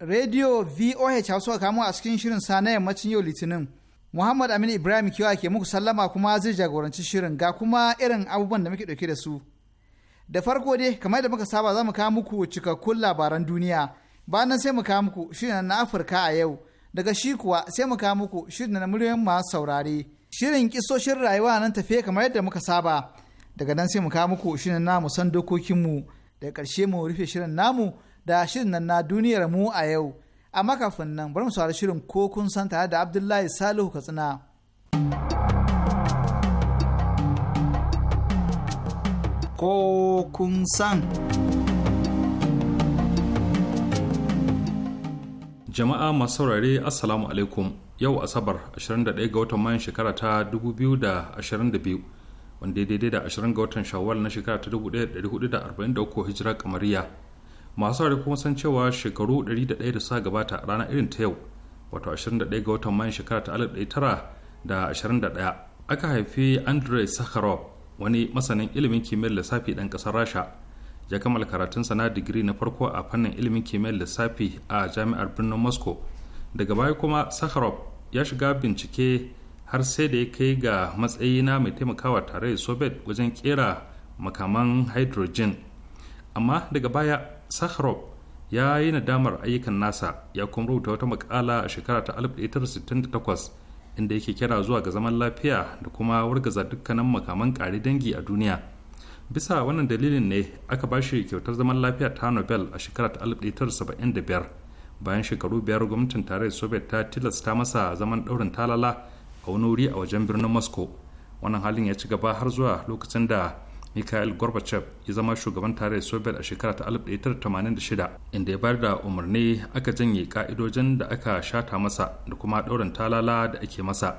Radio VOH Hausa kamo a cikin shirin sa na yammacin yau Litinin. Muhammad Aminu Ibrahim Kewa ke muku sallama kuma zai jagoranci shirin ga kuma irin abubuwan da muke ɗauke da su. Da farko dai kamar da muka saba za mu kawo muku cikakkun labaran duniya. Bayan sai mu kawo muku shirin na Afirka a yau. Daga shi kuwa sai mu kawo muku shirin na miliyoyin masu saurare. Shirin kisoshin rayuwa nan tafe kamar yadda muka saba. Daga nan sai mu kawo muku shirin na mu san dokokinmu. Daga ƙarshe mu rufe shirin namu da shirin nan na duniyar mu a yau amma kafin nan bari mu saurari shirin ko kun san tare da abdullahi salihu katsina ko kun san jama'a masu saurare assalamu alaikum yau asabar 21 ga watan mayan shekara ta 2022 wanda daidai da 20 ga watan shawwal na shekara ta 1443 hijira kamariya masu sauri kuma san cewa shekaru 101 da suka gabata a ranar irin ta yau wato 21 ga watan mayan shekara ta 1921 aka haifi andrei sakharov wani masanin ilimin kimiyyar lissafi ɗan ƙasar rasha ya kammala karatunsa na digiri na farko a fannin ilimin kimiyyar lissafi a jami'ar birnin moscow daga baya kuma sakharov ya shiga bincike har sai da ya kai ga matsayi na mai taimakawa tare da soviet wajen kera makaman hydrogen amma daga baya sakharov ya yi nadamar ayyukan nasa ya kuma rubuta wata makala a shekara ta 1968 inda yake kira zuwa ga zaman lafiya da kuma wargaza dukkanin makaman kare dangi a duniya bisa wannan dalilin ne aka ba shi kyautar zaman lafiya ta nobel a shekara ta 1975 bayan shekaru biyar gwamnatin tarayyar soviet ta tilasta masa zaman daurin talala a wani wuri a wajen birnin moscow wannan halin ya ci gaba har zuwa lokacin da mikhail gorbachev ya zama shugaban tarayyar soviet a shekara ta 1986 inda ya bayar da umarni aka janye ka'idojin da aka shata masa da kuma ɗaurin talala da ake masa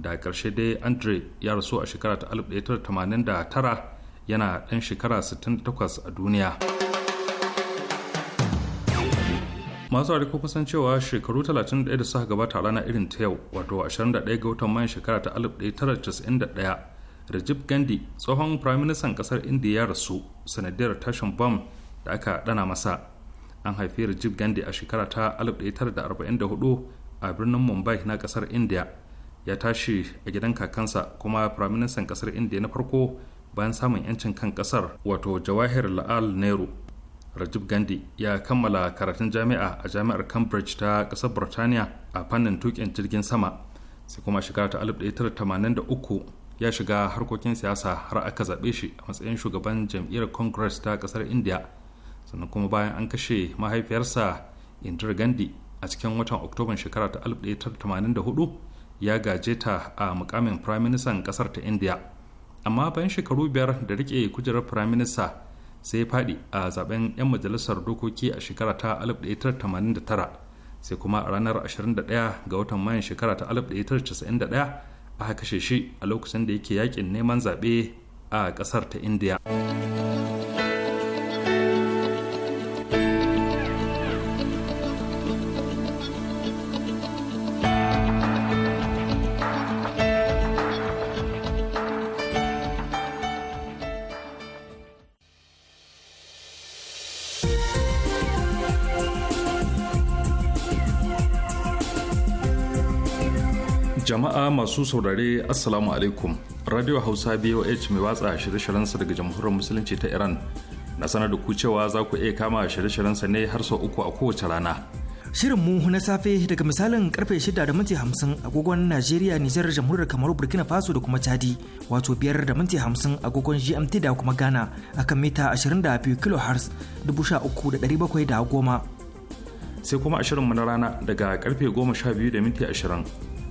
da ƙarshe dai andre ya rasu a shekara ta 1989 yana ɗan shekara 68 a duniya masu hariko kusan cewa shekaru 31 da suka gabata a rana irin ta yau wato 21 ga watan mayan shekara ta 1991 Rajiv Gandhi tsohon firaministan kasar India ya rasu sanadiyar tashin bom da aka dana masa. An haifi Rajiv Gandhi a shekara ta 1944 a birnin Mumbai na kasar India. Ya tashi a gidan kakansa kuma firaministan kasar India na farko bayan samun 'yancin kan kasar wato Jawahir La'al Nehru. Rajiv Gandhi ya kammala karatun jami'a a jami'ar Cambridge ta kasar Burtaniya a fannin tukin jirgin sama sai kuma shekara ta 1983 ya shiga harkokin siyasa har aka zaɓe shi a matsayin shugaban jam'iyyar congress ta ƙasar india sannan kuma bayan an kashe mahaifiyarsa indira gandhi a cikin watan oktoban shekara ta 1984 ya gaje ta a mukamin prime ƙasar ta india amma bayan shekaru biyar da rike kujerar firaminista minister sai faɗi a zaben 'yan majalisar dokoki a shekara ta 1989 sai kuma a ranar 21 ga watan mayan shekara ta 1991 aka kashe shi a lokacin da yake yakin neman zaɓe a ƙasar ta indiya jama'a masu saurare assalamu alaikum radio hausa boh mai watsa shirye-shiryensa daga jamhuriyar musulunci ta iran na sanar da ku cewa za ku iya kama shirye-shiryensa ne har sau uku a kowace rana shirin mu na safe daga misalin karfe 6 da minti 50 agogon najeriya nijar jamhuriyar kamaru burkina faso da kuma chadi wato biyar da minti 50 agogon gmt da kuma ghana akan mita 22 kilohertz 13710 sai kuma ashirin mu na rana daga karfe goma sha biyu da minti ashirin.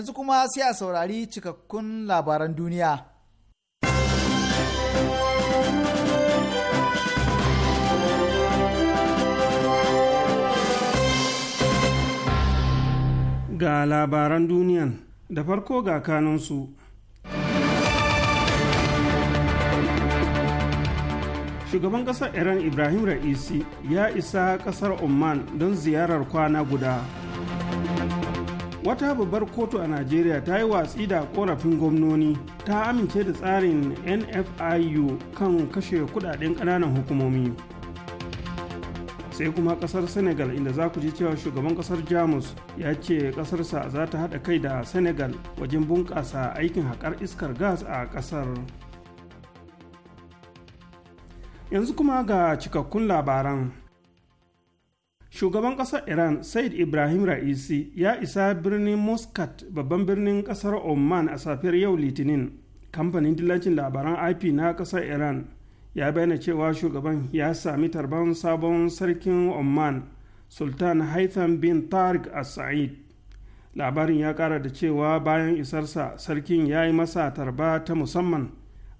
yanzu kuma sai a saurari cikakkun labaran duniya. Ga labaran duniyan da farko ga kanunsu. shugaban ƙasar iran ibrahim ra'isi ya isa ƙasar oman don ziyarar kwana guda wata babbar kotu a najeriya ta yi watsi da korafin gwamnoni ta amince da tsarin nfiu kan kashe kudaden kananan hukumomi sai kuma kasar senegal inda za ku ji cewa shugaban kasar jamus ya ce kasarsa za ta haɗa kai da senegal wajen bunƙasa aikin haƙar iskar gas a ƙasar yanzu kuma ga cikakkun labaran shugaban kasar iran said ibrahim ra'isi ya isa birnin muscat babban birnin kasar oman a safiyar yau litinin kamfanin dillacin labaran ip na kasar iran ya bayyana cewa shugaban ya sami tarban sabon sarkin oman sultan haitham bin tariq a said labarin ya kara da cewa bayan isarsa sarkin ya yi masa tarba ta musamman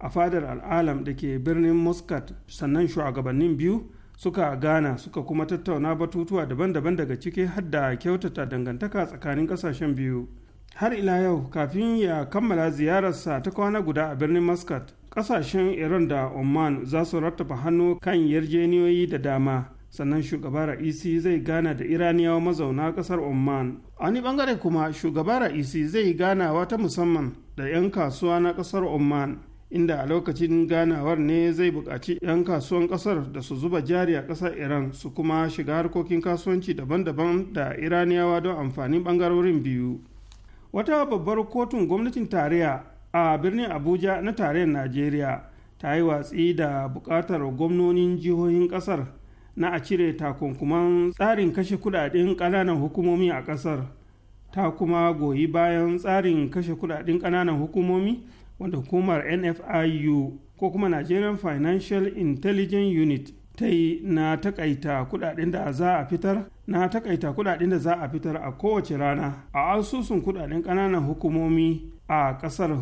a fadar al'alam da ke birnin muscat sannan shugabannin biyu suka gana suka kuma tattauna batutuwa daban-daban daga ciki har da kyautata dangantaka tsakanin kasashen biyu har ila yau kafin ya kammala ziyararsa ta kwana guda a birnin muscat kasashen iran da oman za su rattaba hannu kan yarjeniyoyi da dama sannan shugaba ra'isi zai gana da iraniyawa mazauna kasar oman wani bangare kuma shugaba ra'isi zai ganawa ta musamman da 'yan kasuwa na kasar oman inda a lokacin ganawar ne zai buƙaci 'yan kasuwan ƙasar da su zuba jari a ƙasar iran su kuma shiga harkokin kasuwanci daban-daban da iraniyawa don amfanin ɓangarorin biyu wata babbar kotun gwamnatin tarayya a birnin abuja na tarayyar najeriya ta yi watsi da buƙatar gwamnonin jihohin ƙasar na a cire takunkuman tsarin kashe kudaden ƙananan hukumomi a ƙasar ta kuma goyi bayan tsarin kashe kudaden ƙananan hukumomi wanda hukumar nfiu ko kuma nigerian financial intelligence unit ta yi na takaita kudaden da za a fitar na takaita kudaden da za a fitar a kowace rana a asusun kudaden kananan hukumomi a kasar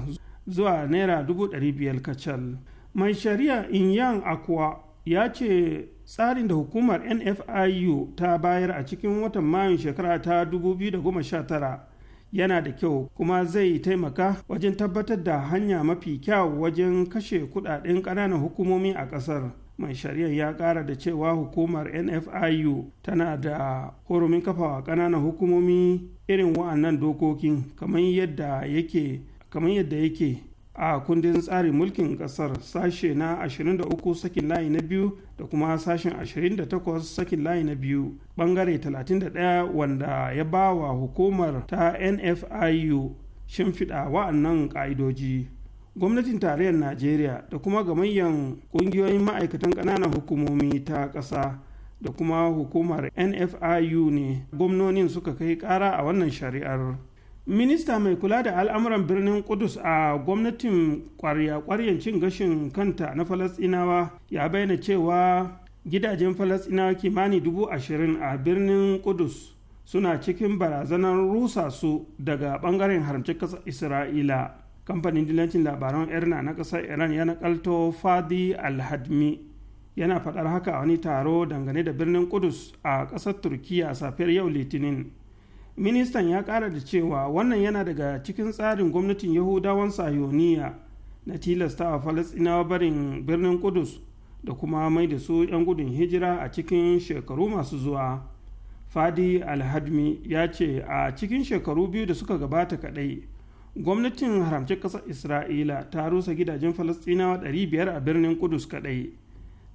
zuwa naira dubu biyar kacal mai shari'a inyan akwa ya ce tsarin da hukumar nfiu ta bayar a cikin watan mayun shekara ta 2019 yana da kyau kuma zai taimaka wajen tabbatar da hanya mafi kyau wajen kashe kudaden ƙananan hukumomi a ƙasar mai shari'a ya ƙara da cewa hukumar nfiu tana da horumin kafawa ƙananan hukumomi irin wa'annan dokokin kamar yadda yake a kundin tsarin mulkin kasar sashe na 23 sakin layi na biyu da kuma sashen 28 sakin layi na biyu bangare 31 wanda ya ba wa hukumar ta nfiu shimfiɗa wa'annan ƙa'idoji gwamnatin tarayyar najeriya da kuma gamayyan ƙungiyoyin ma'aikatan ƙananan hukumomi ta ƙasa da kuma hukumar nfiu ne gwamnonin suka kai ƙara a wannan shari'ar minista mai kula da al'amuran birnin kudus a gwamnatin kwarya cin gashin kanta na falasinawa ya bayyana cewa gidajen falasinawa kimani dubu ashirin a birnin kudus suna cikin barazanar rusa su daga bangaren haramci ƙasar isra'ila kamfanin dilancin labaran erna na ƙasar iran ya nakalto fadi alhadmi yana faɗar haka a wani taro dangane da birnin kudus a ƙasar turkiya safiyar yau litinin ministan ya kara da cewa wannan yana daga cikin tsarin gwamnatin yahudawan sayoniya na tilasta a falasinawa barin birnin kudus da kuma mai da su 'yan gudun hijira a cikin shekaru masu zuwa fadi alhadmi ya ce a cikin shekaru biyu da suka gabata kadai gwamnatin haramcin ƙasar isra'ila ta rusa gidajen falasinawa 500 a birnin kudus kadai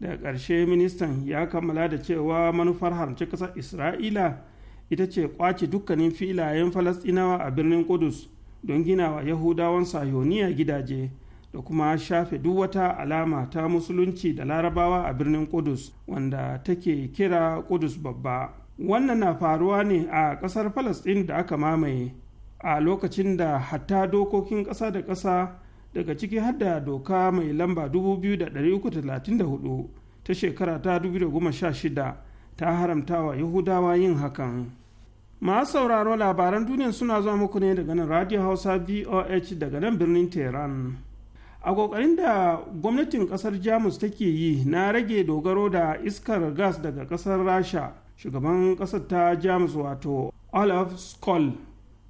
daga ƙarshe ministan ya kammala da cewa manufar haramcin ƙasar isra'ila ita ce kwace dukkanin filayen falasɗinawa a birnin kudus don gina wa yahudawan sayoniya gidaje da kuma shafe duk wata alama ta musulunci da larabawa a birnin kudus wanda take kira kudus babba wannan na faruwa ne a ƙasar falasɗin da aka mamaye a lokacin da hatta dokokin kasa da kasa daga ciki hada doka mai lamba 2334 ta shekara ta 2016 ta haramta wa yahudawa yin hakan masu sauraro labaran duniya suna zuwa muku ne daga nan radio hausa voh daga nan birnin tehran a kokarin da gwamnatin kasar jamus take yi na rage dogaro da iskar gas daga kasar rasha shugaban kasar ta jamus wato olaf Skol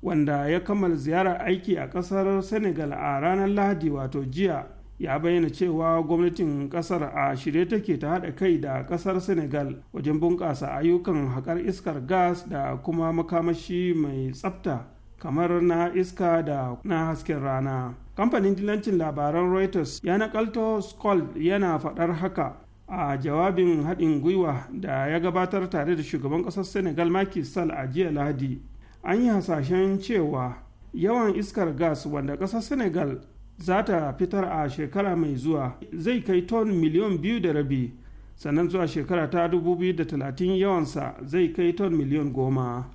wanda ya kammala ziyarar aiki a kasar senegal a ranar lahadi wato jiya ya bayyana cewa gwamnatin kasar a shirye take ta haɗa kai da kasar senegal wajen bunƙasa ayyukan haƙar iskar gas da kuma makamashi mai tsafta kamar na iska da na hasken rana kamfanin dilancin labaran reuters ya nakalto scold yana faɗar haka a jawabin haɗin gwiwa da ya gabatar tare da shugaban ƙasar senegal Macky Sall a jiya lahadi an yi hasashen cewa yawan iskar gas wanda ƙasar senegal za ta fitar a shekara mai zuwa zai kai ton miliyon biyu da rabi sannan zuwa shekara ta dubu biyu da 2030 yawansa zai kai ton miliyon goma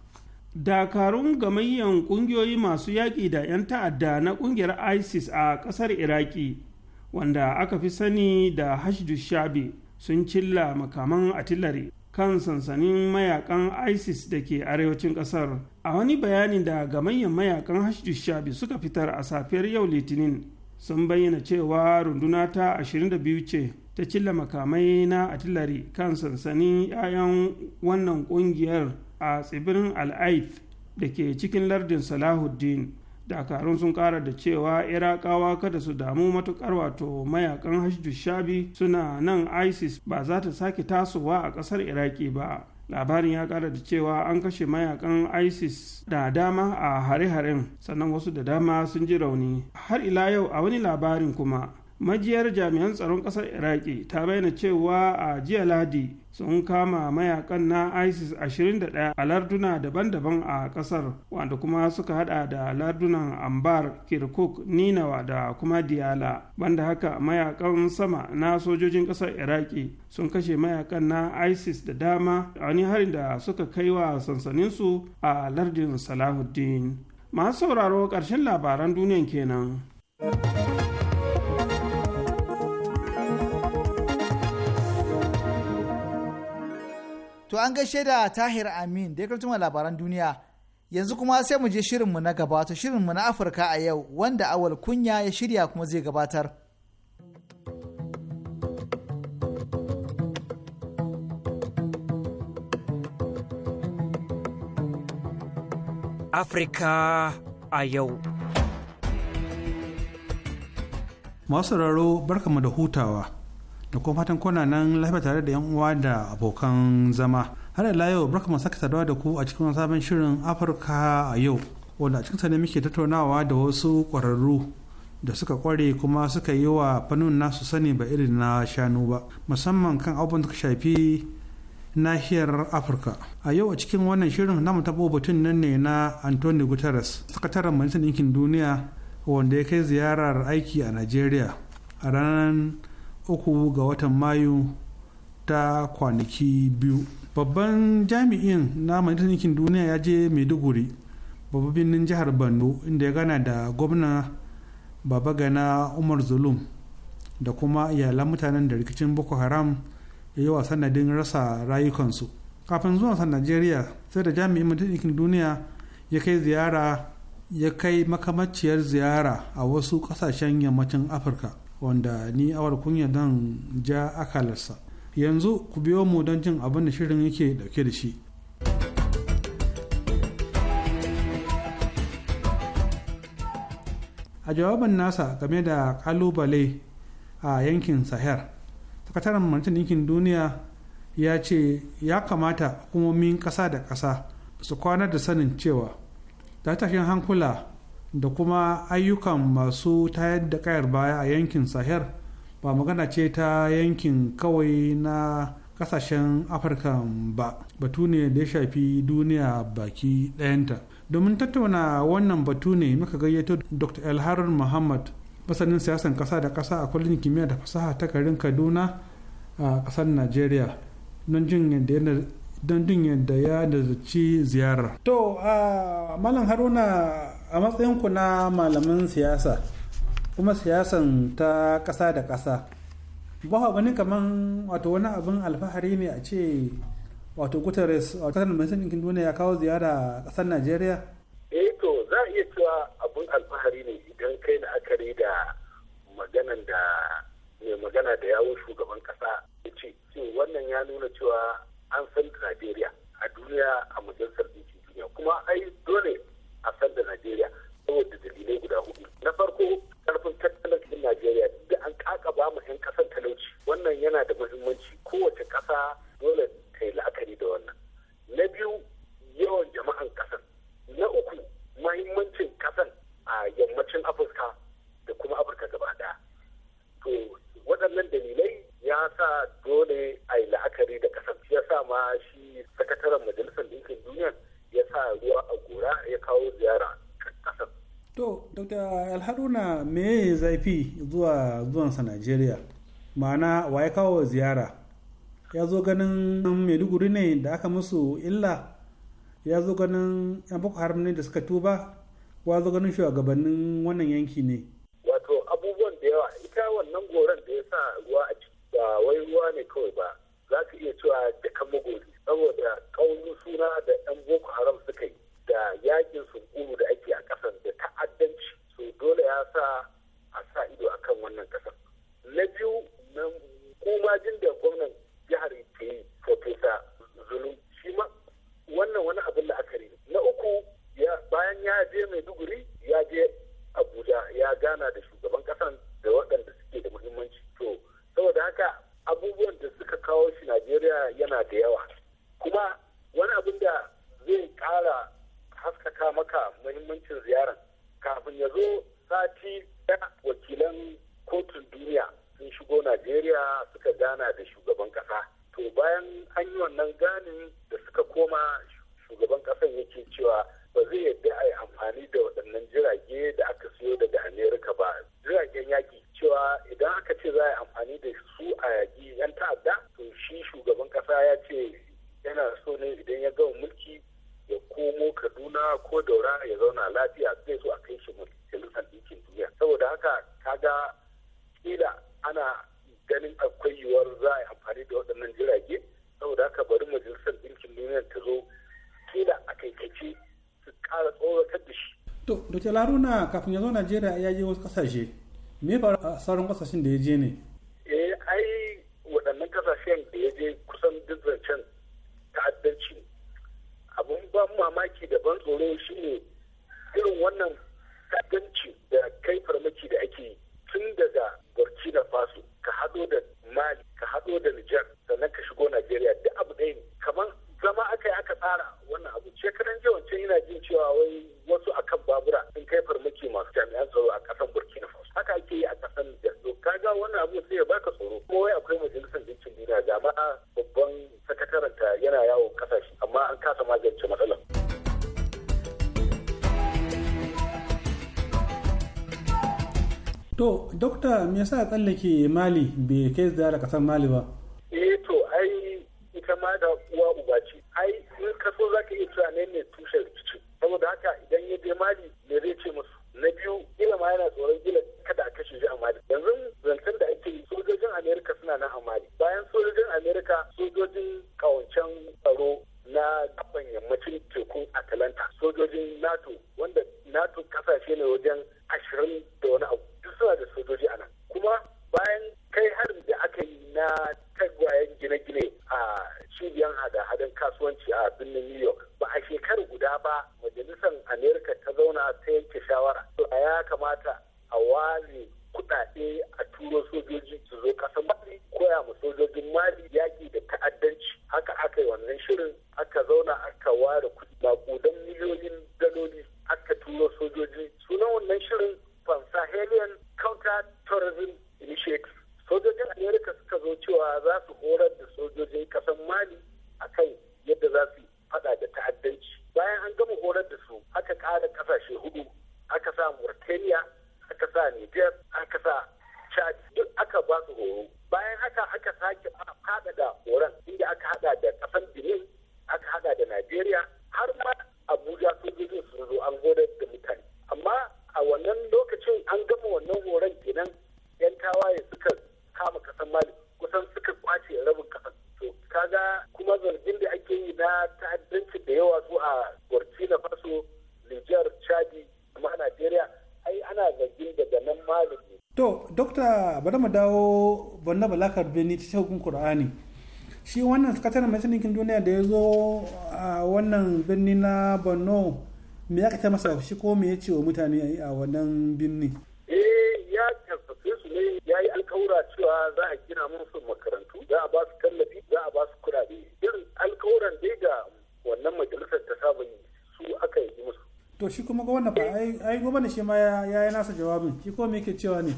dakarun gamayyan kungiyoyi masu yaƙi da 'yan ta'adda na ƙungiyar isis a ƙasar iraki wanda aka fi sani da hashdu shabi sun cilla makaman atillari kan sansanin mayakan isis da ke arewacin kasar a wani bayanin da gamayyan mayakan hashdu shabi suka fitar a safiyar yau litinin sun bayyana cewa runduna ta 22 ce ta cilla makamai na atilari kan sansanin 'ya'yan wannan kungiyar a tsibirin al'aith da ke cikin lardin salahuddin dakarun sun kara da cewa irakawa kada su damu matukar wato mayakan hajjushabi suna nan isis ba za ta sake tasowa a kasar iraki ba labarin ya kara da cewa an kashe mayakan isis da dama a hare-haren sannan wasu da dama sun ji rauni har ila yau a wani labarin kuma majiyar jami'an tsaron ƙasar iraki ta bayyana cewa a jiya ladi sun kama mayakan na isis 21 a larduna daban-daban a kasar wanda kuma suka hada da lardunan ambar kirkuk ninawa da kuma diyala banda haka mayakan sama na sojojin kasar iraki sun kashe mayakan na isis da dama a wani harin da suka kai wa sansaninsu a lardin salahuddin masu sauraro karshen labaran duniyan kenan. To an gaishe da Tahir Amin da ya kartuma labaran duniya. Yanzu kuma sai mu je shirinmu na gaba to shirinmu na Afirka a yau wanda awal kunya ya shirya kuma zai gabatar. Afirka a yau. Masu raro barkamu da hutawa. da kuma fatan kuna nan lafiya tare da yan uwa da abokan zama har ila yau barka mu saka da ku a cikin sabon shirin afirka a yau wanda a sa ne muke tattaunawa da wasu ƙwararru da suka kware kuma suka yi wa fannin nasu sani ba irin na shanu ba musamman kan abubuwan da shafi nahiyar afirka a yau a cikin wannan shirin mu taɓo batun nan ne na antoni guterres sakataren majalisar ɗinkin duniya wanda ya kai ziyarar aiki a Najeriya. a ranar uku ga watan mayu ta kwanaki biyu babban jami'in na majalisar duniya ya je maiduguri babban birnin jihar borno inda ya gana da gwamna gana umar zulum da kuma iyalan mutanen da rikicin boko haram ya yi wa sanadin rasa rayukansu kafin zuwa zuwansa najeriya sai da jami'in majalisar duniya ya kai ziyara ya kai makamaciyar ziyara a wasu kasashen yammacin afirka wanda ni awar kunya dan ja akalarsa yanzu ku biyo mu don jin abin da shirin yake dauke da shi a jawaban nasa game da kalubale a yankin sahel sakataren martin yankin duniya ya ce ya kamata hukumomin ƙasa da ƙasa su kwanar da sanin cewa tashin hankula da kuma ayyukan masu tayar da kayar baya a yankin sahel ba magana ce ta yankin kawai na kasashen afirka ba batu ne da ya shafi duniya baki ɗayanta domin tattauna wannan batu ne muka gayyato dr elharun muhammad masanin siyasan ƙasa da ƙasa a kwallon kimiyya da fasaha ta garin kaduna a ƙasar najeriya don jin yadda don jin yadda ya da ziyara. ziyarar. To, Malam Haruna a matsayinku na malamin siyasa, kuma siyasan ta ƙasa da ƙasa, ba gani kaman wato wani abin alfahari ne a ce wato Guterres a ƙasar Majalisar Ɗinkin Duniya ya kawo ziyara a ƙasar Najeriya? Eh to, za a iya cewa abin alfahari ne idan kai la'akari da maganan da mai magana da yawun shugaban ƙasa ya ce, wannan ya nuna cewa an san najeriya a duniya a majalisar ɗinkin duniya kuma ai dole a san da najeriya saboda dalilai guda hudu na farko ƙarfin tattalin cikin najeriya da an ba mu 'yan ƙasar talauci wannan yana da muhimmanci kowace ƙasa dole ta yi la'akari da wannan na biyu yawan jama'an ƙasar na uku mahimmancin ƙasar a yammacin afirka da kuma afirka gaba ɗaya to waɗannan dalilai ya sa dole a yi la'akari da kasar ya sa ma shi sakataren majalisar ɗinkin duniya ya sa ruwa a gora ya kawo ziyara kasar to dr alharuna me zafi zuwa zuwansa najeriya ma'ana wa ya kawo ziyara ya zo ganin maiduguri ne da aka musu illa ya zo ganin yan boko haram ne da suka tuba wa zo ganin shugabannin wannan yanki ne wato abubuwan da yawa ita wannan goron da ya sa ruwa a ba wai ruwa ne kawai ba za ka iya cewa da kan saboda kaunin suna da yan boko haram suka yi da yakin sunkuru da ake a ƙasar da ta'addanci so dole ya sa a sa ido a kan wannan ƙasar na biyu na jin da gwamnan jihar ke yi profesa zulum shi ma wannan wani abin la'akari na uku bayan ya je mai duguri ya je abuja ya gana da shugaban ƙasan da waɗanda suke da muhimmanci yana da yawa kuma wani abin da zai ƙara haskaka maka muhimmancin kafin ya zo najeriya ya je wasu kasashe me faru a sauran kasashen da ya je ne tsallake mali bai kai ziyara kasar mali ba karbe ni ta hukun qur'ani shi wannan sakataren mai sanikin duniya da ya zo a wannan birni na borno me ya ta masa shi ko me ya ce wa mutane a wannan birni eh ya karfafe su ne ya yi alkawura cewa za a gina musu makarantu za a ba su tallafi za a ba su kurabe irin alkawuran dai ga wannan majalisar ta saba yi su aka yi musu to shi kuma gwamna ba ai shi ma ya yi nasa jawabin shi ko me yake cewa ne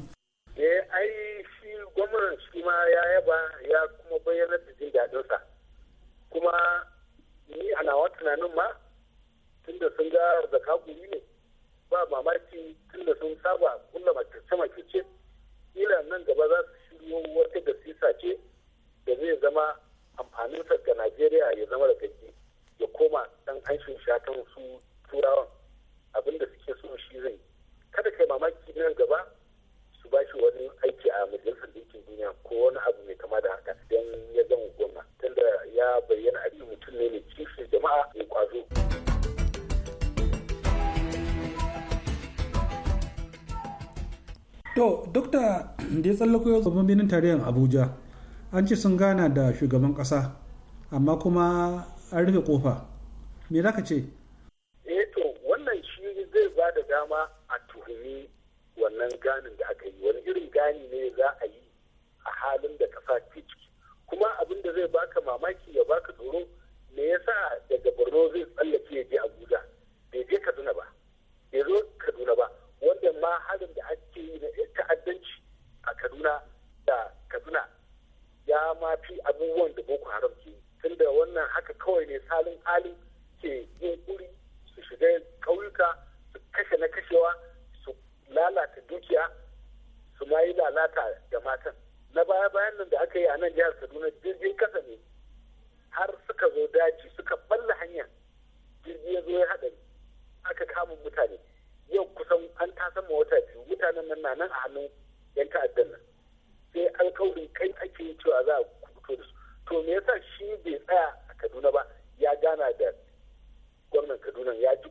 an ce sun gana da shugaban kasa amma kuma an rufe kofa me za ka ce samun mutane yau kusan an ta sama wata biyu mutanen nan na nan a hannun yan ta'addan nan sai alkawarin kai ake yi cewa za a kuto da su to me yasa shi bai tsaya a kaduna ba ya gana da gwamnan kaduna ya ji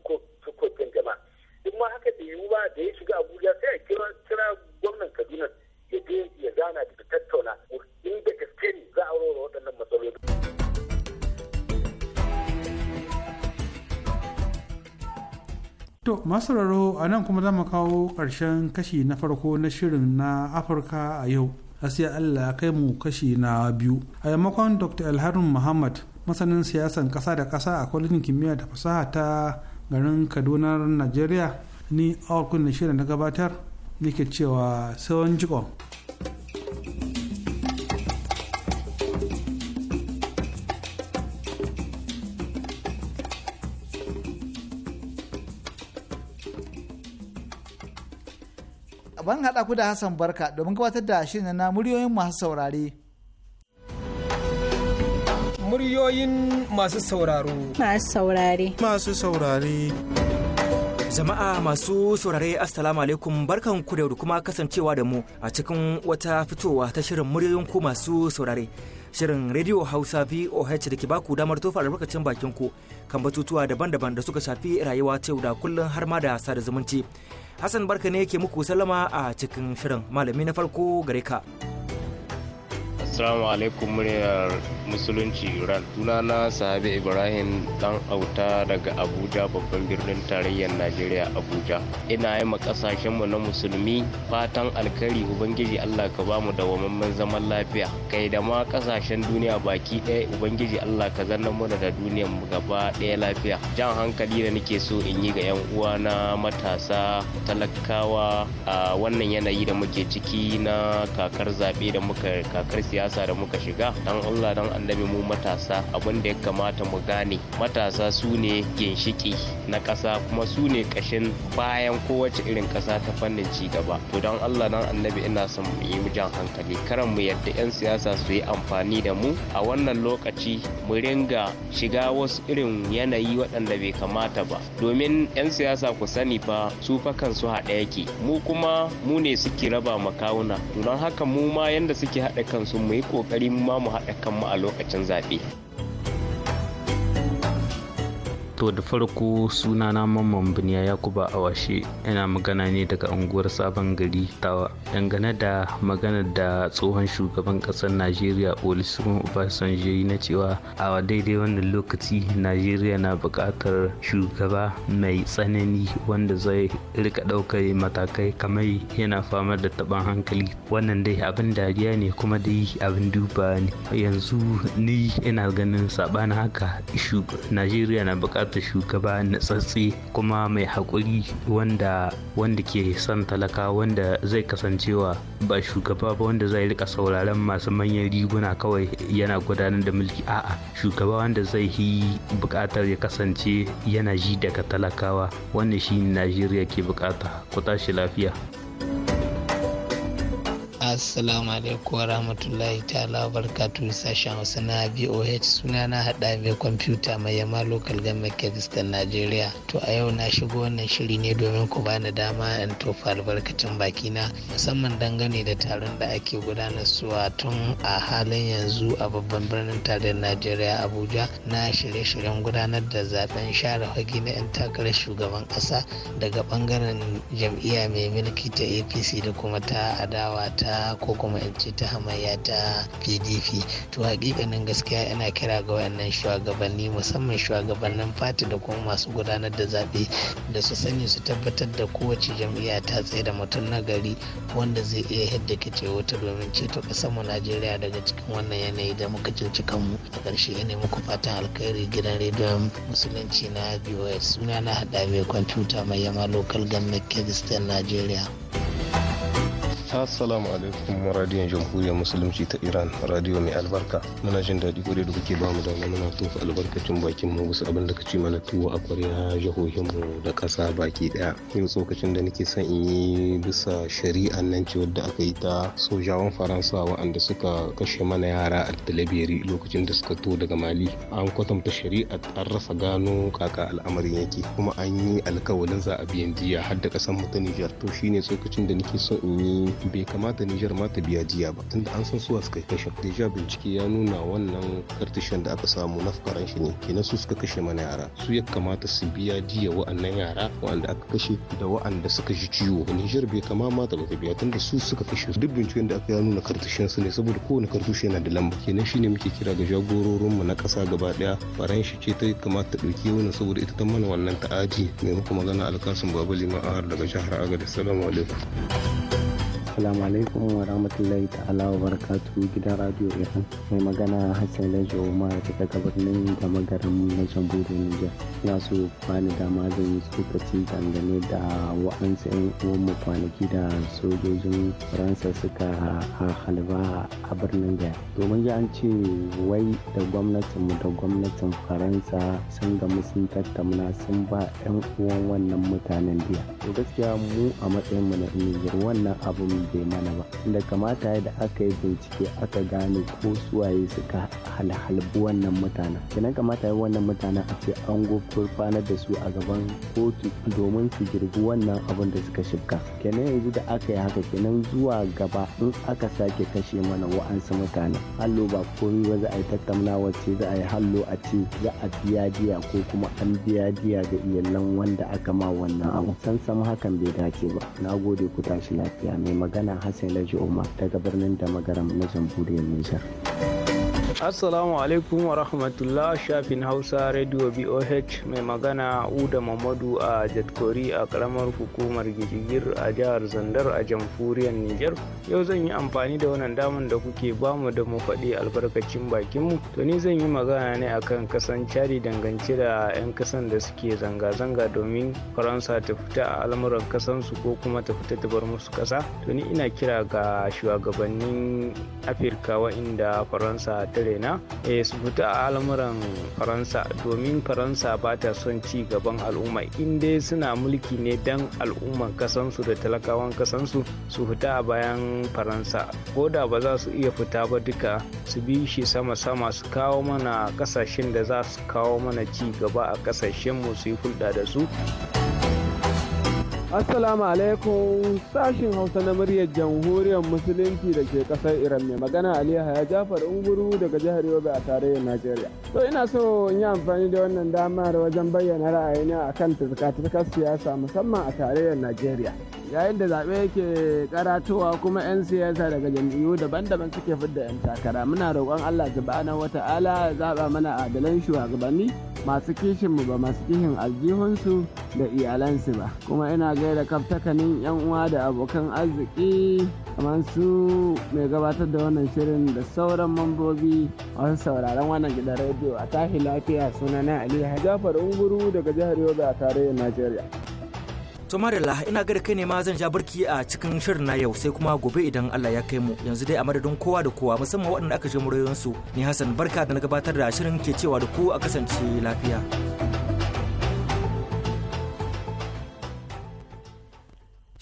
kokin jama'a in ma haka da yiwu ba da ya shiga abuja sai a kira gwamnan kaduna ya je ya gana da tattauna da gaske ne za a aurora waɗannan matsaloli. To masararo a nan kuma za mu kawo ƙarshen kashi na farko na shirin na Afirka a yau. sai Allah ya kai mu kashi na biyu. A yammakon Dr. Alharun Muhammad masanin siyasan ƙasa da ƙasa a kwalejin kimiyya da fasaha ta garin Kaduna Najeriya ni a shirin na gabatar nake cewa sai wani jikon. ban haɗa ku da Hassan Barka domin gabatar da shirin na muryoyin masu saurare. Muryoyin masu sauraro. Masu saurare. Masu saurare. Jama'a masu saurare Assalamu alaikum barkan ku da kuma kasancewa da mu a cikin wata fitowa ta shirin muryoyin ku masu saurare. Shirin Radio Hausa VOH da ke baku damar tofa albarkacin bakin ku kan batutuwa daban-daban da suka shafi rayuwa ta yau da kullum har ma da sada zumunci. Hassan barka ne yake muku salama a cikin shirin malami na farko gare ka. Assalamu alaikum muryar musulunci Iran. na Sahabi Ibrahim dan auta daga Abuja babban birnin tarayyar Najeriya Abuja. Ina yi kasashen mu na musulmi fatan alkari Ubangiji Allah ka ba mu dawamamman zaman lafiya. Kai da ma kasashen duniya baki ɗaya Ubangiji Allah ka zanna mu da duniyar mu gaba ɗaya lafiya. Jan hankali da nake so in yi ga yan uwa na matasa talakawa a wannan yanayi da muke ciki na kakar zaɓe da muka kakar siyasa siyasa da muka shiga dan Allah dan annabi mu matasa abin da ya kamata mu gane matasa su ne ginshiki na ƙasa kuma su ne ƙashin bayan kowace irin ƙasa ta fannin ci gaba to dan Allah dan annabi ina son mu yi mu jan hankali karan mu yadda 'yan siyasa su yi amfani da mu a wannan lokaci mu ringa shiga wasu irin yanayi waɗanda bai kamata ba domin 'yan siyasa ku sani fa su fa kansu haɗa yake mu kuma mu ne suke raba makawuna to don haka mu ma yanda suke haɗa kansu mu yi ƙoƙari ma mu haɗa kanmu a lokacin zaɓe. To da farko sunana mamman biniya Yakuba Awashe yana magana ne daga unguwar Sabon Gari Tawa. Dangane da magana da tsohon shugaban ƙasar Najeriya Olusegun Obasanjo yi na cewa a daidai wannan lokaci Najeriya na bukatar shugaba mai tsanani wanda zai rika ɗaukar matakai kamar yana fama da taɓin hankali. Wannan dai abin dariya ne kuma dai abin duba ne. Yanzu ni ina ganin saɓanin haka Najeriya na buƙatar ta shugaba natsatsi kuma mai haƙuri wanda wanda ke son talaka wanda zai kasancewa ba shugaba ba wanda zai rika sauraron masu manyan riguna kawai yana gudanar da mulki a'a shugaba wanda zai yi buƙatar ya kasance yana ji daga talakawa wannan shi najeriya ke buƙata ku tashi lafiya assalamu alaikum wa rahmatullahi ta'ala barkatu sashen hausa na voh suna na hada mai kwamfuta mai yamma local government kebistan nigeria to a yau na shigo wannan shiri ne domin ku bani dama in tofa albarkacin bakina musamman dangane da taron da ake gudanar suwa tun a halin yanzu a babban birnin tarayyar najeriya abuja na shirye-shiryen gudanar da zaben share fage na 'yan takarar shugaban ƙasa daga ɓangaren jam'iyya mai mulki ta apc da kuma ta adawa ta ko kuma in ce ta hamayya ta pdp to hakikanin gaskiya yana kira ga wayannan shugabanni musamman shugabannin fati da kuma masu gudanar da zaɓe da su sani su tabbatar da kowace jam'iyya ta tsaye da mutum na gari wanda zai iya hidda kice wata domin ceto ƙasar mu najeriya daga cikin wannan yanayi da muka cinci kanmu a ƙarshe ne muku fatan alkhairi gidan rediyon musulunci na bos suna na haɗa mai kwamfuta mai yama local government kebistan najeriya assalamu alaikum radiyon jamhuriyar musulunci ta iran radiyo mai albarka muna jin daɗi kwarai da kuke bamu da muna tofa albarkacin bakin mu wasu abin da ka ci mana tuwo a kwarya jihohin mu da ƙasa baki ɗaya yau tsokacin da nake son in yi bisa shari'an nan ce wadda aka yi ta sojawan faransa waɗanda suka kashe mana yara a talabiri lokacin da suka to daga mali an kwatanta shari'a an rasa gano kaka al'amarin yake kuma an yi alkawalin za a biyan jiya har da ƙasar mu to shine tsokacin da nake son in yi bai kamata Nijar ma ta biya jiya ba tunda an san suwa suka kashe deja bincike ya nuna wannan kartishan da aka samu na fukaran shi ne kenan su suka kashe mana yara su ya kamata su biya jiya wa'annan yara wa'anda aka kashe da wa'anda suka ji ciwo Nijar bai kama ma ta biya tunda su suka kashe duk binciken da aka ya nuna kartishan su ne saboda kowane kartushe yana da lamba kenan shi ne muke kira ga jagororinmu na ƙasa gaba daya faran shi ce ta kamata ta ɗauki wannan saboda ita ta mana wannan ta'aji mai muku magana alkasun babu liman daga jihar agadi salamu alaikum Assalamu alaikum wa rahmatullahi ta'ala wa barakatu gidan radio Iran. Mai magana Hassan Lajo Umar daga birnin da garin na Jamhuriyar Nijar. na so bani dama zan yi tsokaci dangane da wa'ansu 'yan uwanmu kwanaki da sojojin Faransa suka halba a birnin Gaya. Domin ji an ce wai da mu da gwamnatin Faransa sun gamu sun tattauna sun ba 'yan uwan wannan mutanen biya. To gaskiya mu a matsayin mu na Nijar wannan abin bai mana ba da kamata da aka yi bincike aka gane ko suwaye suka halhalbu wannan mutanen kenan kamata ya wannan mutanen a ce an gurfanar da su a gaban kotu domin su girbi wannan abin da suka shibka kenan yanzu da aka yi haka kenan zuwa gaba in aka sake kashe mana wa'ansu mutane hallo ba komi ba za a yi tattaunawa ce za a yi hallo a ce za a biya diya ko kuma an biya diya ga iyalan wanda aka ma wannan abu san hakan bai dace ba na gode ku tashi lafiya mai magana Hassan Laji Umar daga birnin Damagaram na Jamhuriyar Nijar. Assalamu alaikum wa rahmatullah shafin Hausa Radio BOH mai magana Uda Mamadu a Jatkori a karamar hukumar Gishigir a jihar Zandar a jamhuriyar niger Yau zan yi amfani da wannan damar da kuke bamu da mu faɗi albarkacin bakinmu. To ni zan yi magana ne akan kasan cari dangance da 'yan kasan da suke zanga-zanga domin Faransa ta fita a al'amuran kasansu ko kuma ta fita ta bar musu kasa. To ni ina kira ga shugabannin Afirka wa'inda Faransa ta raina eh, su fita a al'amuran faransa domin faransa ba ta son ci gaban al'umma in suna mulki ne dan al'umman kasansu da talakawan kasansu su fita a bayan faransa ko da ba za su iya fita ba duka su bi shi sama-sama su kawo mana kasashen da za su kawo mana ci gaba a kasashenmu su yi hulɗa da su Assalamu alaikum sashin Hausa na muryar jamhuriyar Musulunci da ke ƙasar Iran mai magana Ali Yahaya Jafar Unguru daga jihar Yobe a tarayyar Najeriya. To ina so in yi amfani da wannan damar wajen bayyana ra'ayina akan tuzuka-tuzukar siyasa musamman a tarayyar Najeriya. yayin da zaɓe yake karatowa kuma 'yan siyasa daga jam'iyyu daban-daban suke fidda 'yan takara muna roƙon allah wata ala zaɓa mana adalan shugabanni masu kishinmu ba masu kishin aljihunsu da iyalansu ba kuma ina gaida kaftakanin 'yan uwa da abokan arziki kamar su mai gabatar da wannan shirin da sauran mambobi wasu sauraron wannan gidan rediyo a tashi lafiya sunana ali hajjafar unguru daga jihar yobe a tarayyar najeriya To Marilla ina ga kai ne ma zan ja barki a cikin shirin na yau sai kuma gobe idan Allah ya kai mu yanzu dai a madadin kowa da kowa musamman waɗanda aka je murayoyin su ni Hassan barka da na gabatar da shirin ke cewa da ku a kasance lafiya.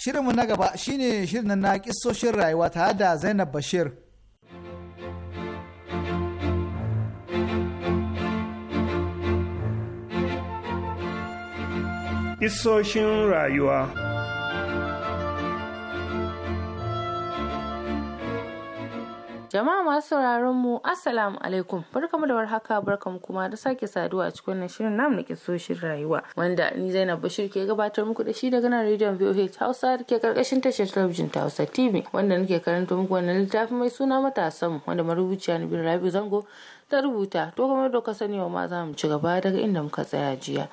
shirin mu na gaba shine shirin na kissoshin rayuwa tare da Zainab Bashir. isoshin rayuwa. Jama'a masu sauraron mu Assalamu alaikum barkamu da warhaka barkamu kuma da sake saduwa a cikin wannan shirin namu na kisoshin rayuwa wanda ni Zainab Bashir ke gabatar muku da shi daga nan rediyon VOH Hausa da ke karkashin tashar talabijin ta Hausa TV wanda nake karanta muku wannan littafi mai suna matasan wanda marubuciya Nabil Rabi Zango ta rubuta to kuma da ka sani wa ma za mu ci gaba daga inda muka tsaya jiya.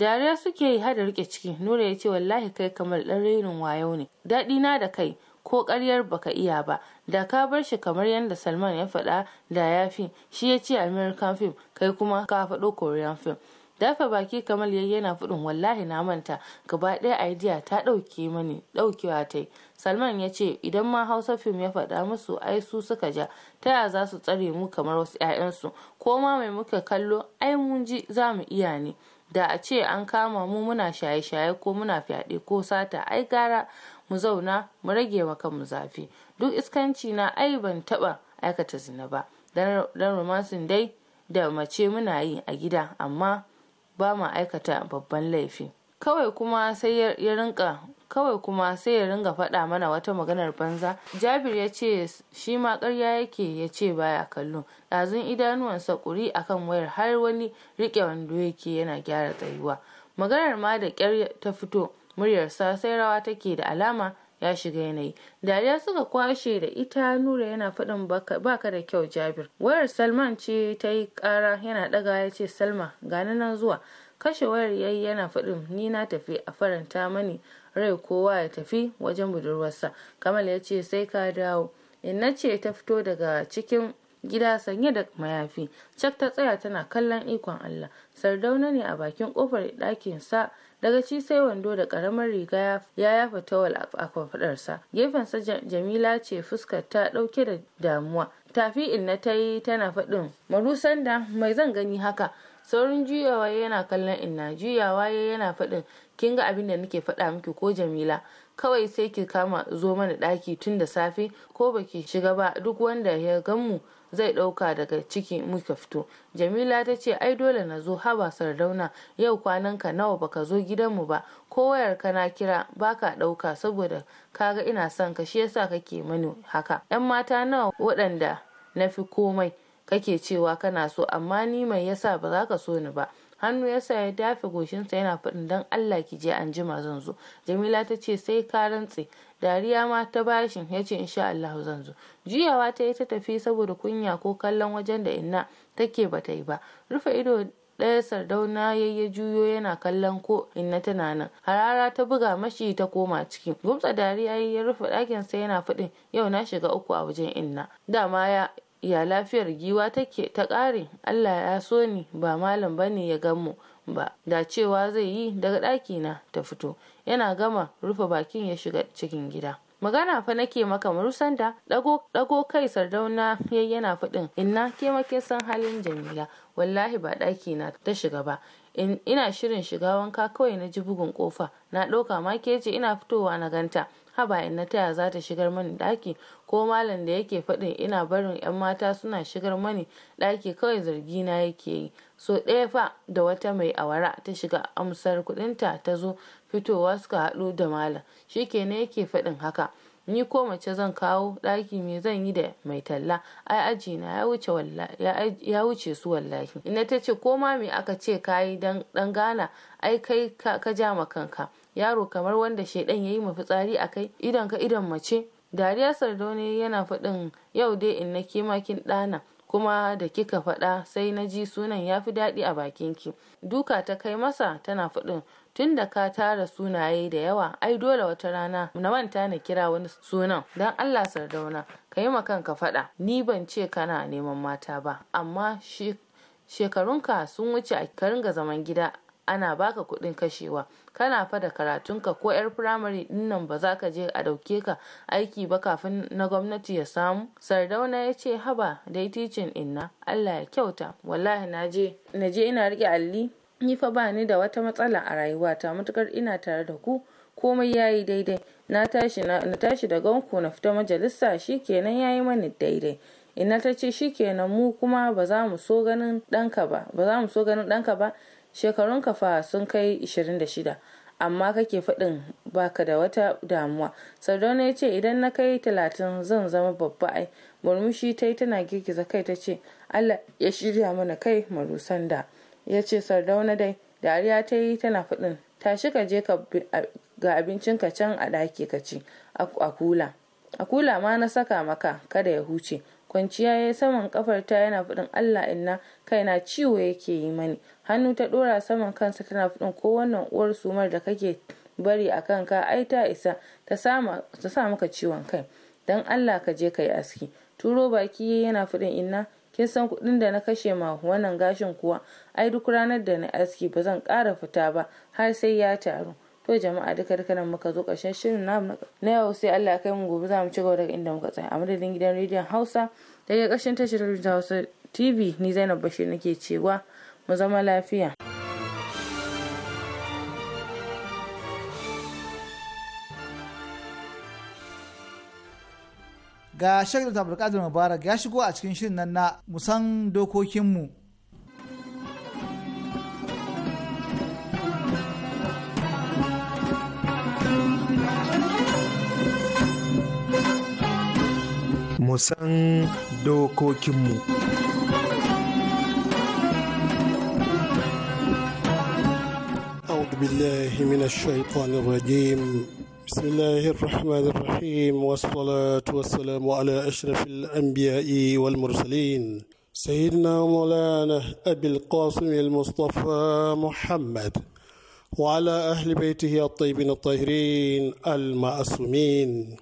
dariya suke yi hada rike ciki nura ya ce wallahi kai kamar dan renin wayo ne daɗi na da kai ko ƙaryar baka iya ba da ka bar shi kamar yadda salman ya faɗa da ya fi shi ya ce american film kai kuma ka faɗo korean film dafa baki kamar yayi yana faɗin wallahi na manta gaba ɗaya idea ta ɗauke mani ɗaukewa ta salman ya ce idan ma hausa fim ya faɗa musu ai su suka ja ta ya za su tsare mu kamar wasu 'ya'yansu ko ma mai muka kallo ai mun ji za mu iya ne da a ce an kama mu muna shaye-shaye ko muna fyaɗe ko sata ai gara mu zauna mu rage wa kanmu zafi duk iskanci na ai ban taɓa aikata zina ba dan romansin dai da mace muna yi a gida amma ba ma aikata babban laifi kawai kuma sai ya rinka kawai kuma sai ya ringa faɗa mana wata maganar banza jabir ya ce shi ma ƙarya yake ya ce baya kallo ɗazun idanuwansa ƙuri akan wayar har wani riƙe wando yake yana gyara tsayuwa maganar ma da ƙyar ta fito muryarsa sai rawa take da alama ya shiga yanayi dariya suka kwashe da ita nura yana faɗin baka da kyau jabir wayar salman ce ta yi ƙara yana ɗaga ya ce salma gani nan zuwa kashe wayar yayi yana faɗin ni na tafi a faranta mani rai kowa ya tafi wajen budurwarsa kamal ya ce sai ka dawo inna ce ta fito daga cikin gida sanye da mayafi cak ta tsaya tana kallon ikon allah sardauna ne a bakin kofar ɗakinsa daga ci sai wando da karamar riga ya yafa tawal a kwafadarsa gefensa jamila ce fuskar ta ɗauke da damuwa tafi inna ta yi tana faɗin marusan da mai zan gani haka saurin juyawa yana kallon inna juyawa yana faɗin kin ga abin da nake faɗa miki ko jamila kawai sai ki kama zo mana ɗaki tun da safe ko baki shiga ba duk wanda ya ganmu zai ɗauka daga ciki muka fito jamila ta ce ai dole na zo haba sardauna yau kwanan ka nawa baka zo gidanmu ba ko wayar ka na kira baka ɗauka saboda kaga ina son ka shi yasa kake mani haka yan mata nawa waɗanda na fi komai kake cewa kana so amma ni mai yasa ba za ka so ni ba hannu ya sa ya dafe goshinsa yana faɗin don Allah ki je an jima zan zo Jamila ta ce sai ka rantse dariya ma ta bashin ya ce insha Allah zan zo juyawa ta yi ta tafi saboda kunya ko kallon wajen da inna take bata yi ba rufe ido ɗaya sardauna ya yi juyo yana kallon ko inna tana nan harara ta buga mashi ta koma ciki gumtsa dariya ya rufe ɗakinsa yana faɗin yau na shiga uku a wajen inna dama ya ya lafiyar giwa take ta ƙare Allah ya so ni ba malam bane ya gan mu ba da cewa zai yi daga ɗaki na ta fito yana gama rufe bakin ya shiga cikin gida magana fa nake maka da dago kai sardauna ya yana faɗin inna ke make san halin jamila wallahi ba ɗaki na ta shiga ba ina shirin shiga wanka kawai na ji bugun kofa na ɗauka ma ke ce ina fitowa na ganta haba in na taya za ta shigar mani ɗaki ko malam da yake faɗin ina barin 'yan mata suna shigar mani ɗaki kawai zargi na yake yi so ɗaya fa da wata mai awara ta shiga amsar kuɗinta ta zo fitowa suka haɗu da malam shi kenan yake faɗin haka ni ko mace zan kawo ɗaki me zan yi da mai talla ai aji na ya wuce ya wuce su wallahi ina ta ce ko ma me aka ce kayi dan gana ai kai ka ja ma kanka yaro kamar wanda shaidan ya yi mafitsari a kai idan ka idan mace dariya sardaune yana faɗin yau dai in na kimakin ɗana kuma da kika faɗa sai na ji sunan ya fi daɗi a bakin ki duka ta kai masa tana faɗin tun da ka tara sunaye da yawa ai dole wata rana na manta na kira wani sunan don allah sardauna ka yi ma kanka faɗa ni ban ce kana neman mata ba amma shekarunka sun wuce a ka ringa zaman gida ana baka kuɗin kashewa kana fa da karatunka ko 'yar firamare dinnan ba za ka je a dauke ka aiki ba kafin na gwamnati ya samu sardauna ya ce haba dai ticin inna allah ya kyauta wallahi na je na je ina rike alli ni fa ba ni da wata matsala a rayuwata matukar ina tare da ku komai yayi daidai na tashi na tashi da ganku na fita majalisa shikenan ya yi mani daidai ina ta ce shikenan mu kuma ba za mu so ganin danka ba ba za mu so ganin ɗanka ba shekarunka fa sun kai 26 amma kake faɗin baka da wata damuwa sardauna ya ce idan na kai talatin zan zama babba ai murmushi ta yi tana girgiza kai ta ce allah ya shirya mana kai marusan da ya ce sardauna dai dariya ta yi tana faɗin tashi ka je ga abincinka can a ɗaki ka ci a kula a kula ma na saka maka kada ya huce kwanciya ya saman kafar ta yana faɗin allah inna kaina ciwo yake yi mani hannu ta ɗora saman kansa tana fudin ko wannan uwar sumar da kake bari a kanka ai ta isa ta sa maka ciwon kai don allah ka je ka yi aski turo baki yana fudin inna kin san kuɗin da na kashe ma wannan gashin kuwa ai duk ranar da na aski ba zan ƙara fita ba har sai ya taru to jama'a duka duka nan muka zo karshen shirin na yau sai Allah kai mu gobe za mu ci gaba daga inda muka tsaya a madadin gidan rediyon Hausa daga kashin tashar Hausa TV ni Zainab Bashir nake cewa mu zama lafiya ga shakar da mubarak ya shigo a cikin shirin nan na musan dokokinmu musan dokokinmu بالله من الشيطان الرجيم بسم الله الرحمن الرحيم والصلاة والسلام على أشرف الأنبياء والمرسلين سيدنا مولانا أبي القاسم المصطفى محمد وعلى أهل بيته الطيبين الطاهرين المعصومين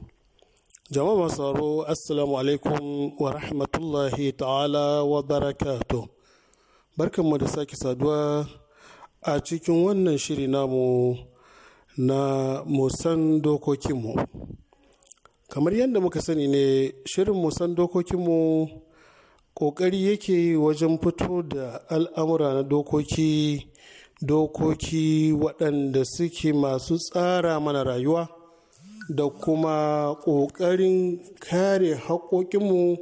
جماعة صاروا السلام عليكم ورحمة الله تعالى وبركاته بركة مدساك سادوه a cikin wannan shiri namu na musan dokokinmu kamar yadda muka sani ne shirin musan dokokinmu ƙoƙari yake yi wajen fito da al'amura na dokoki dokoki waɗanda suke masu tsara mana rayuwa da kuma ƙoƙarin kare haƙoƙinmu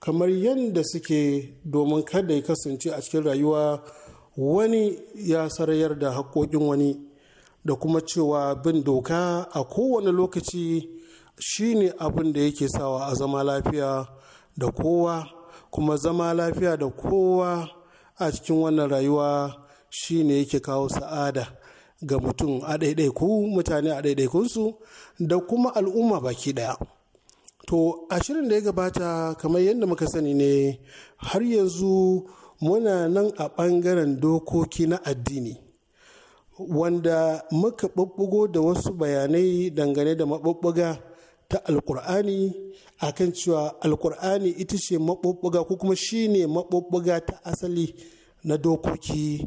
kamar yadda suke domin kada ya kasance a cikin rayuwa wani ya sarayar da haƙoƙin wani da kuma cewa bin doka a kowane lokaci shine abin da yake sawa a zama lafiya da kowa kuma zama lafiya da kowa a cikin wannan rayuwa shine yake kawo sa'ada ga mutum a ɗaiɗaiku mutane a ɗaiɗaikunsu da kuma al'umma baki ɗaya to ashirin da ya gabata kamar yadda muka sani ne har yanzu muna nan a ɓangaren dokoki na addini wanda muka ɓuɓɓugo da wasu bayanai dangane da maɓuɓɓuga ta alkur'ani akan cewa alkur'ani ita ce maɓuɓɓuga ko kuma shi ne maɓuɓɓuga ta asali na dokoki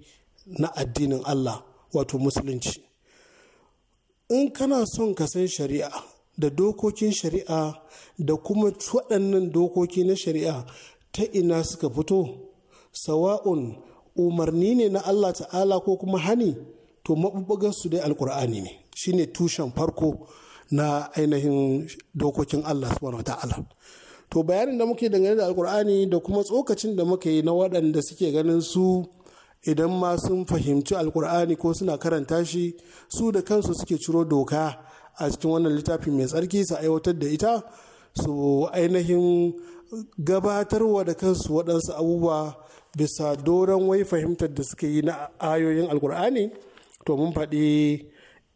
na addinin allah wato musulunci in kana son ka san shari'a da dokokin shari'a da kuma waɗannan dokoki na shari'a ta ina suka fito sawa'un umarni ne na Allah ta'ala ko kuma hani to maɓuɓɓugar su dai alkur'ani ne shine tushen farko na ainihin dokokin Allah subhanahu ta'ala to bayanin da muke dangane da alkur'ani da kuma tsokacin da muke yi na waɗanda suke ganin su idan ma sun fahimci alkur'ani ko suna karanta shi su da kansu suke ciro doka a cikin wannan littafi mai tsarki su aiwatar da ita su ainihin gabatarwa da kansu waɗansu abubuwa bisa doron wai fahimtar da suke yi na ayoyin alkur'ani to mun faɗi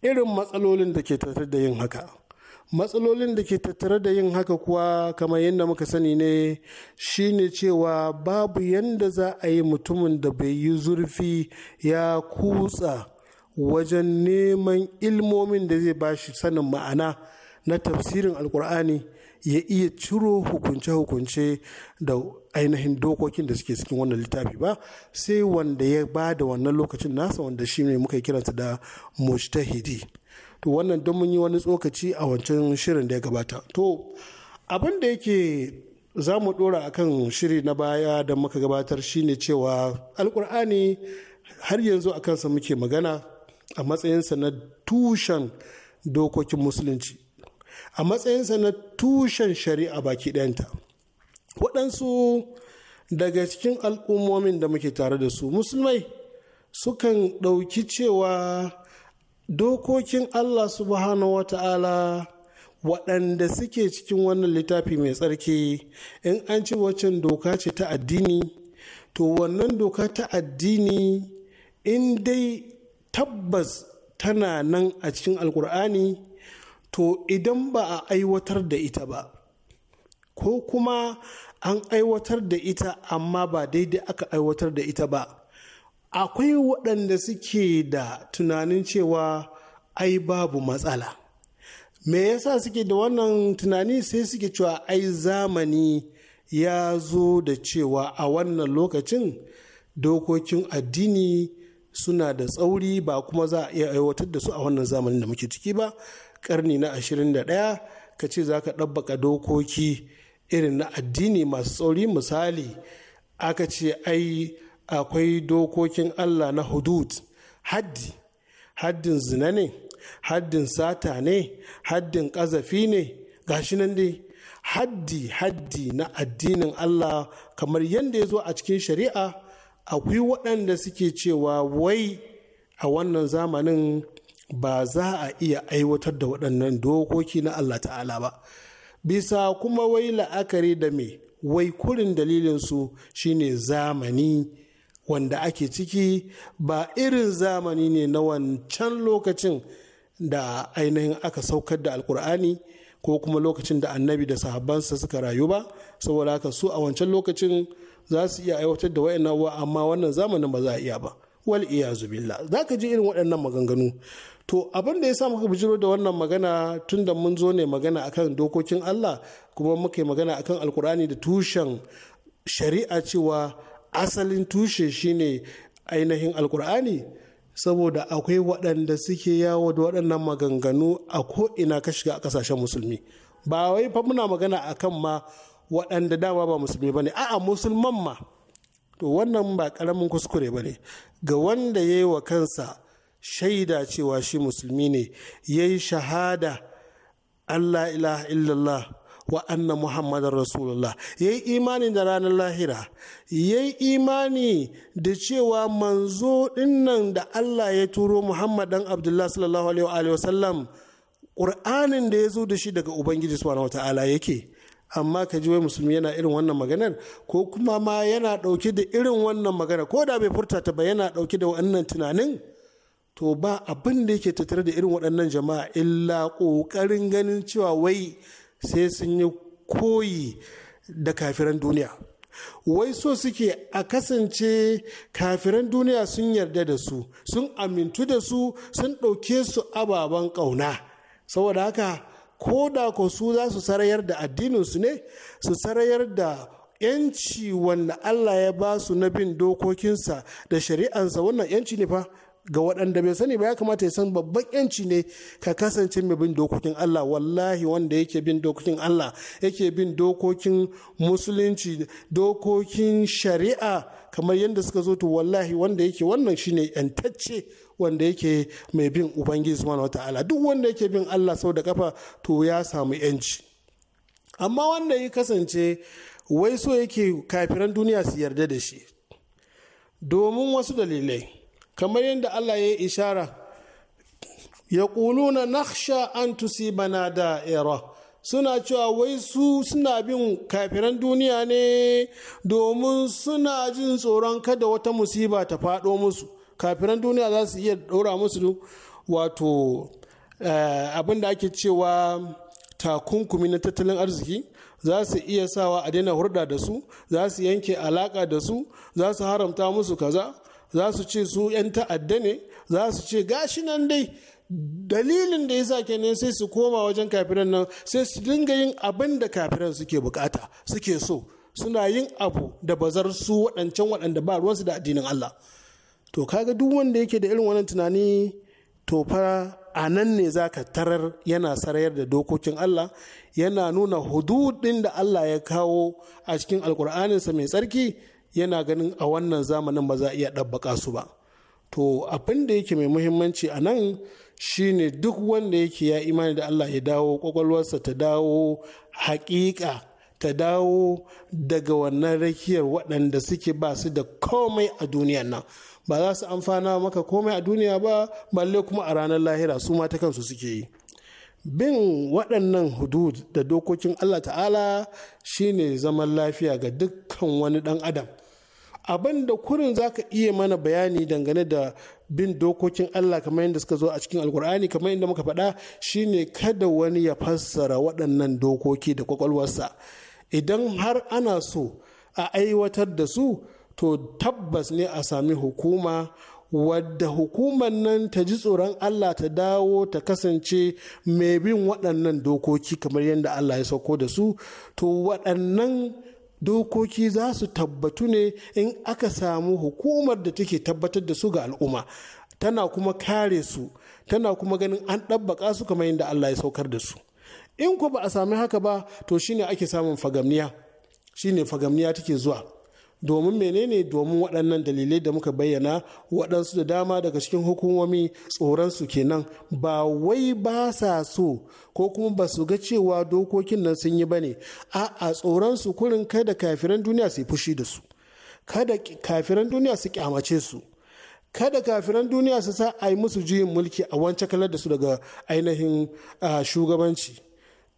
irin matsalolin da ke tattare da yin haka matsalolin da ke tattare da yin haka kuwa kamar yadda muka sani ne shine cewa babu yadda za a yi mutumin da bai yi zurfi ya kutsa wajen neman ilmomin da zai bashi sanin ma'ana na tafsirin alkur'ani ya iya ciro hukunce-hukunce da ainihin dokokin da suke cikin wannan littafi ba sai wanda ya ba da wannan lokacin nasa wanda shi ne muka kiransa da mujtahidi to wannan don mun yi wani tsokaci a wancan shirin da ya gabata to abin da yake za mu dora kan shiri na baya da muka gabatar shine cewa alkur'ani har yanzu a kansa muke magana a matsayinsa na tushen dokokin musulunci a matsayinsa na tushen shari'a baki ɗayanta waɗansu daga cikin al'ummomin da muke tare da su musulmai sukan ɗauki cewa dokokin allah subhanahu wa waɗanda suke cikin wannan littafi mai tsarki in an ci waccan doka ce ta addini to wannan doka ta addini in dai tabbas tana nan a cikin alkur'ani to idan ba a aiwatar da ita ba ko kuma an aiwatar da ita amma ba daidai aka aiwatar da ita ba akwai waɗanda suke da tunanin cewa ai babu matsala me yasa suke da wannan tunani sai suke cewa ai zamani ya zo da cewa a wannan lokacin dokokin addini suna da tsauri ba kuma za a iya aiwatar da su a wannan zamanin da muke ciki ba karni na 21 ka ce za ka ɗabbaka dokoki irin na addini masu tsauri misali aka ce ai akwai dokokin allah na hudud haddi haddin zina ne haddin sata ne haddin ƙazafi ne gashi nan dai haddi haddi na addinin allah kamar yadda ya zo a cikin shari'a akwai waɗanda suke cewa wai a wannan zamanin ba za a iya aiwatar da waɗannan dokoki na Allah ta'ala ba bisa kuma wai la'akari da me wai kurin dalilinsu shine zamani wanda ake ciki ba irin zamani ne na wancan lokacin da ainihin aka saukar da alkur'ani ko kuma lokacin da annabi da sahabbansa suka rayu ba saboda haka su a wancan lokacin za su iya aiwatar da wa'annan amma wannan zamanin ba za a iya ba wal iyazu billah za ka ji irin waɗannan maganganu to abin da ya sa muka bijiro da wannan magana tun da mun zo ne magana akan dokokin Allah kuma muka yi magana akan alkur'ani da tushen shari'a cewa asalin tushe shine ainihin alkur'ani saboda akwai waɗanda suke yawo da waɗannan maganganu a ko'ina ka shiga a ƙasashen musulmi ba wai fa muna magana akan ma waɗanda dama ba musulmi ba ne a'a musulman ma to wannan ba karamin kuskure ba ne ga wanda ya yi wa kansa shaida cewa shi musulmi ne ya yi shahada allah ilaha illallah wa anna muhammadar rasulullah ya yi imani da ranar lahira ya yi imani da cewa manzo dinnan da allah ya turo muhammadan abdullah sallallahu alaihi wa ƙur'anin da ya zo da shi daga ubangiji subhanahu wa ta'ala yake amma ka ji wai musulmi yana irin wannan maganar ko kuma ma yana ɗauke da irin wannan maganar ko da bai furta ta ba yana ɗauke da wannan tunanin to ba abin da yake tattare da irin waɗannan jama'a illa ƙoƙarin ganin cewa wai sai sun yi koyi da kafiran duniya wai so suke a kasance kafiran duniya sun yarda da su sun amintu da su sun ɗauke su ababen ƙauna saboda haka ko da ko su za su sarayar da addininsu ne su sarayar da yanci wanda Allah ya ba su na bin dokokinsa da shari'ansa wannan yanci ne fa ga waɗanda bai sani ba ya kamata ya san babban yanci ne ka kasance mai bin dokokin Allah wallahi wanda yake bin dokokin Allah yake bin dokokin musulunci dokokin shari'a kamar yadda suka zo to wallahi wanda yake wannan shine yantacce wanda yake mai bin ubangiji subhanahu wataala duk wanda yake bin Allah sau da kafa to ya samu yanci amma wanda ya kasance wai so yake kafiran duniya su yarda da shi domin wasu dalilai kamar yadda Allah ya yi ishara ya ƙuluna nakhsha an tusibana da'ira suna cewa wai su suna bin kafiran duniya ne domin suna jin tsoron kada wata musiba ta faɗo musu kafiran duniya za su iya ɗora musu wato eh, abin da ake cewa takunkumi na tattalin arziki za su iya sawa a daina hurda da su za su yanke alaƙa da su za su haramta musu kaza za su ce su 'yan ta'adda ne za su ce gashi nan dai dalilin da yasa kenan sai su koma wajen kafiran nan sai su dinga yin abin da kafiran suke bukata suke so suna yin abu da bazar su waɗancan waɗanda ba ruwansu da addinin Allah to kaga duk wanda yake da irin wannan tunani to fa a nan ne za ka tarar yana sarayar da dokokin Allah yana nuna hududin da Allah ya kawo a cikin alkur'aninsa mai tsarki yana ganin a wannan zamanin ba za a iya ɗabbaka su ba to abin da yake mai muhimmanci a nan shine duk wanda yake ya imani da Allah ya dawo kwakwalwarsa ta dawo hakika ta dawo daga wannan rakiyar waɗanda suke ba su da komai a duniya nan ba za su amfana maka komai a duniya ba balle kuma a ranar lahira su ma ta kansu suke yi bin waɗannan hudud da dokokin Allah ta'ala shine zaman lafiya ga dukkan wani ɗan adam abin da kurin za ka iya mana bayani dangane da bin dokokin Allah kamar yadda suka zo a cikin alkur'ani kamar yadda muka faɗa shine kada wani ya fassara waɗannan dokoki da kwakwalwarsa idan har ana so a aiwatar da su to tabbas ne a sami hukuma wadda hukumar nan ta ji tsoron Allah ta dawo ta kasance mai bin waɗannan dokoki kamar yadda Allah ya sauko da su to waɗannan dokoki za su tabbatu ne in aka samu hukumar da take tabbatar da su ga al'umma tana kuma kare su tana kuma ganin an ɗabbaka su kamar yadda Allah ya saukar da su in ku ba a sami haka ba to shine ake samun fagamniya shine fagamniya take zuwa domin menene domin waɗannan dalilai da muka bayyana waɗansu da dama daga cikin hukumomi tsoronsu kenan ba wai ba sa so ko kuma ba su ga cewa dokokin nan sun yi ba ne a tsoronsu kurin kada kafiran duniya su yi fushi da su kada kafiran duniya su kyamace su kada kafiran duniya su sa a yi musu juyin mulki a wancan kalar da su daga ainihin shugabanci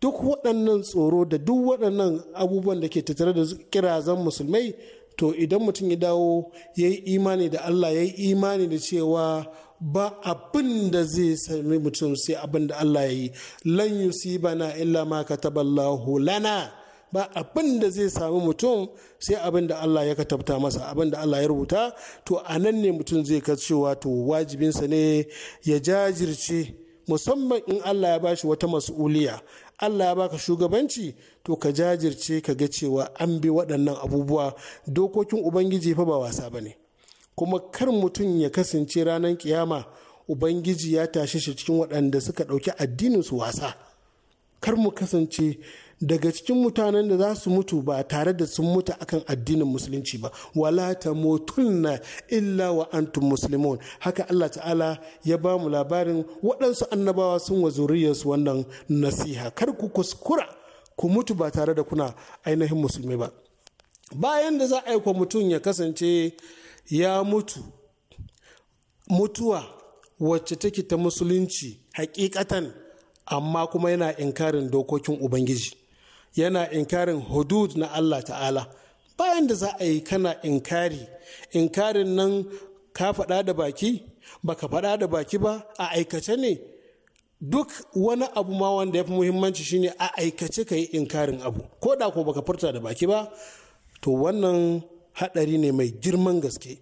duk waɗannan tsoro da duk waɗannan abubuwan da ke tattare da kirazan musulmai to idan mutum ya dawo ya yi imani da Allah ya yi imani da cewa ba abin da zai sami mutum sai abin da Allah ya yi lan bana illa ma kataballahu lana ba abin da zai sami mutum sai abin da Allah ya katabta masa abin da Allah ya rubuta to a nan ne mutum zai ka cewa to wajibinsa ne ya jajirce musamman in Allah ya bashi wata mas'uliya Allah ya baka shugabanci to ka jajirce ka ga cewa an bi waɗannan abubuwa dokokin ubangiji fa ba wasa ba ne kuma kar mutum ya kasance ranar kiyama ubangiji ya tashi shi cikin waɗanda suka ɗauki addinin su wasa kar mu kasance daga cikin mutanen da za su mutu ba tare da sun mutu akan addinin musulunci ba wala ta motunna illa wa antum muslimun haka Allah ta'ala ya ba mu labarin waɗansu annabawa sun wa zuriyarsu wannan nasiha kar ku kuskura ku mutu ba tare da kuna ainihin musulmi ba bayan da za a aikwa mutum ya kasance ya mutu mutuwa wacce take ta musulunci hakikatan amma kuma yana inkarin dokokin ubangiji yana inkarin hudud na Allah ta'ala bayan da za a yi kana inkari inkarin nan ka faɗa da baki baka faɗa da baki ba a aikace ne duk wani abu ma wanda ya fi muhimmanci shine a aikace ka yi inkarin abu ko da ko baka furta da baki ba to wannan haɗari ne mai girman gaske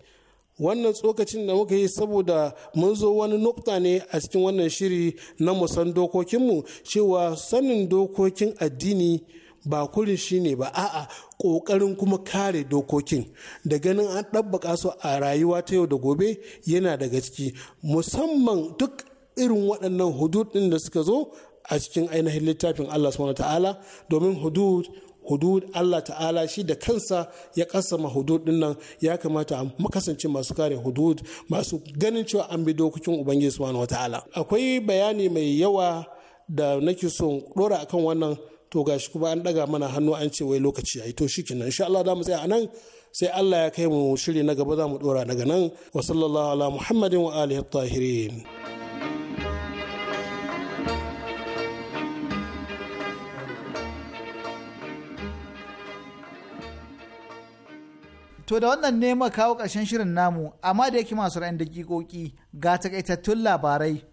wannan tsokacin da muka yi saboda mun zo wani nukta ne a cikin wannan shiri na musan dokokinmu cewa sanin dokokin addini ba kurin shi ne ba a'a ƙoƙarin kuma kare dokokin da ganin an ɗabbaka su a rayuwa ta yau da gobe yana daga ciki musamman duk irin waɗannan hudud da suka zo a cikin ainihin littafin Allah subhanahu ta'ala domin hudud hudud Allah ta'ala shi da kansa ya kasama hudud din nan ya kamata a kasance masu kare hudud masu ganin cewa an bi dokokin ubangiji subhanahu ta'ala akwai bayani mai yawa da nake son dora akan wannan to gashi kuma an daga mana hannu an ce wai lokaci yayi to kenan insha Allah za mu tsaya anan sai Allah ya kai mu shiri na gaba za mu dora daga nan wa sallallahu ala muhammadin wa alihi tahirin To da wannan ne kawo ƙarshen shirin namu, amma da yake masu ra'ayin dakikoki ga takaitattun labarai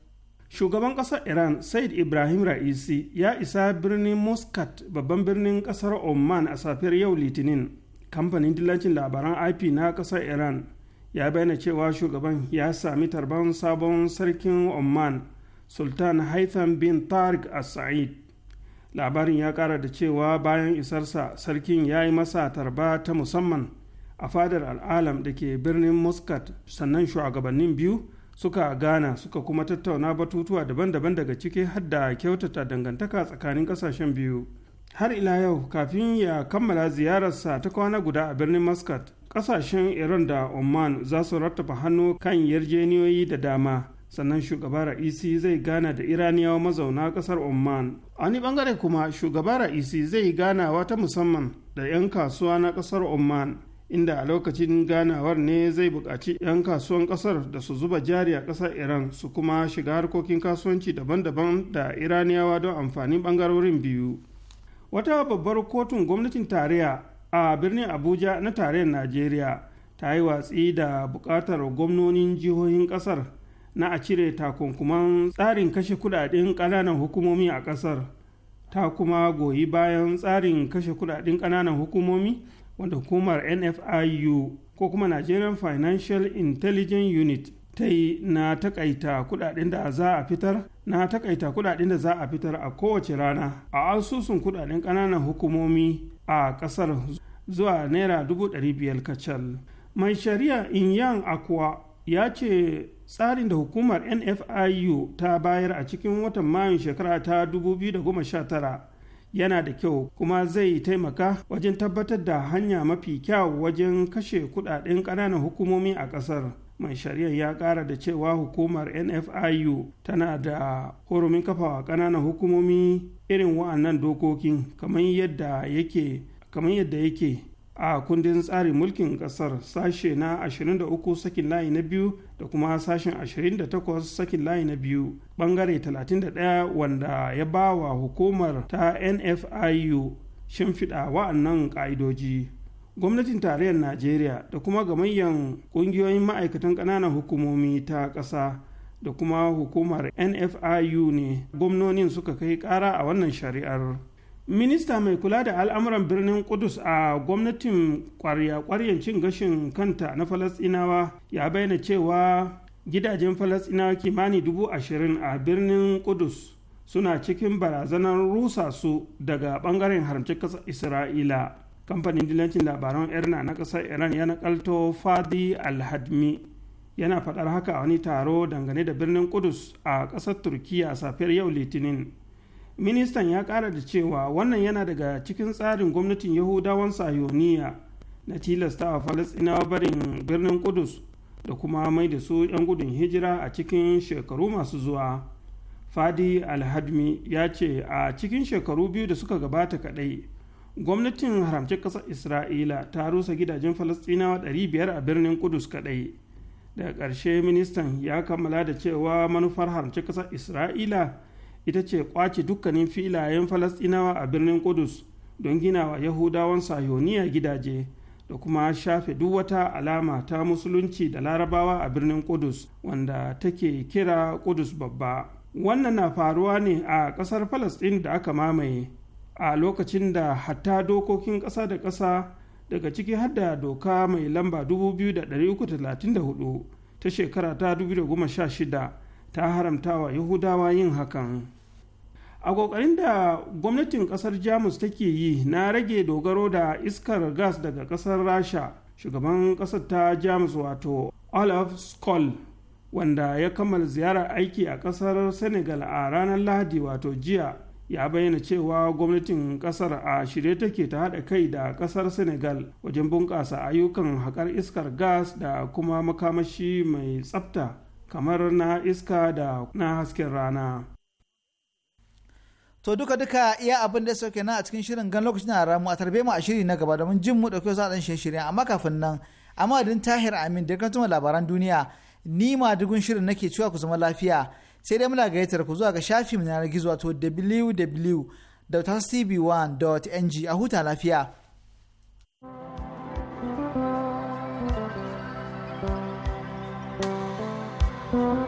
shugaban kasar iran said ibrahim ra'isi ya isa birnin muscat babban birnin kasar oman a safiyar yau litinin kamfanin dillancin labaran ip na kasar iran ya bayyana cewa shugaban ya sami tarban sabon sarkin oman sultan haitham bin tariq a said labarin ya kara da cewa bayan isarsa sarkin ya yi masa tarba ta musamman a fadar al'alam da ke birnin muscat sannan shugabannin biyu suka gana suka kuma tattauna batutuwa daban-daban daga ciki har da kyautata dangantaka tsakanin kasashen biyu har ila yau kafin ya kammala ziyararsa ta kwana guda a birnin muscat kasashen iran da oman za su rattaba hannu kan yarjeniyoyi da dama sannan shugaba ra'isi zai gana da iraniyawa mazauna kasar oman a wani bangare kuma shugaba ra'isi zai ganawa ta musamman da 'yan kasuwa na kasar oman inda a lokacin ganawar ne zai buƙaci 'yan kasuwan ƙasar da su zuba jari a ƙasar iran su kuma shiga harkokin kasuwanci daban-daban da iraniyawa don amfanin ɓangarorin biyu wata babbar kotun gwamnatin tarayya a birnin abuja na tarayyar najeriya ta yi watsi da buƙatar gwamnonin jihohin ƙasar na a cire takunkuman tsarin kashe kudaden ƙananan hukumomi a ƙasar ta kuma goyi bayan tsarin kashe kudaden ƙananan hukumomi wanda hukumar nfiu ko kuma nigerian financial intelligence unit ta yi na takaita kudaden da za a fitar na takaita kudaden da za a fitar a kowace rana a asusun kudaden kananan hukumomi a kasar zuwa naira dubu biyar kacal mai shari'a inyan akwa ya ce tsarin da hukumar nfiu ta bayar a cikin watan mayun shekara ta 2019 yana da kyau kuma zai taimaka wajen tabbatar da hanya mafi kyau wajen kashe kudaden ƙananan hukumomi a ƙasar. mai shari'a ya ƙara da cewa hukumar nfiu tana da horumin kafawa ƙananan hukumomi irin wa'annan dokokin kamar yadda yake a kundin tsarin mulkin kasar sashe na 23 sakin layi na biyu da kuma sashen 28 sakin layi na biyu bangare 31 wanda ya ba wa hukumar ta nfiu shimfiɗa wa'annan ƙa'idoji gwamnatin tarayyar najeriya da kuma gamayyan ƙungiyoyin ma'aikatan ƙananan hukumomi ta ƙasa da kuma hukumar nfiu ne gwamnonin suka kai ƙara a wannan shari'ar minista mai kula da al'amuran birnin kudus a gwamnatin kwarya cin gashin kanta na falasinawa ya bayyana cewa gidajen falasinawa kimani dubu ashirin a birnin kudus suna cikin barazanar rusa su daga bangaren haramci kasar isra'ila kamfanin dilancin labaran erna na kasar iran ya nakalto fadi alhadmi yana faɗar haka a wani taro dangane da birnin kudus a ƙasar turkiya safiyar yau litinin ministan ya kara da cewa wannan yana daga cikin tsarin gwamnatin yahudawan sayoniya na tilasta a falasɗinawa barin birnin kudus da kuma mai da su 'yan gudun hijira a cikin shekaru masu zuwa fadi alhadmi ya ce a cikin shekaru biyu da suka gabata kadai gwamnatin haramcin ƙasar isra'ila ta rusa gidajen falasɗinawa 500 a birnin kudus kadai daga ƙarshe ministan ya kammala da cewa manufar haramcin ƙasar isra'ila ita ce kwace dukkanin filayen falastinawa a birnin kudus don gina wa yahudawan sayoniya gidaje da kuma shafe duk wata alama ta musulunci da larabawa a birnin kudus wanda take kira kudus babba wannan na faruwa ne a ƙasar falastin da aka mamaye a lokacin da hatta dokokin ƙasa da ƙasa daga ciki hada doka mai lamba 2334 ta shekara ta 2016 ta haramta wa yahudawa yin hakan a kokarin da gwamnatin ƙasar jamus take yi na rage dogaro da iskar gas daga ƙasar rasha shugaban ƙasar ta jamus wato olaf skoll wanda ya kammala ziyarar aiki a ƙasar senegal a ranar lahadi wato jiya ya bayyana cewa gwamnatin ƙasar a shirye take ta haɗa kai da ƙasar senegal wajen bunƙasa ayyukan haƙar iskar gas da kuma makamashi mai tsafta kamar na iska da na hasken rana to duka duka iya abin da sauke na a cikin shirin gan lokacin na ramu a tarbe mu a shiri na gaba domin jin mu dauke za dan shirye amma kafin nan amma din tahir amin da kan labaran duniya ni ma dugun shirin nake cewa ku zama lafiya sai dai muna gayyatar ku zuwa ga shafi mu na gizo wato www.tv1.ng a huta lafiya thank you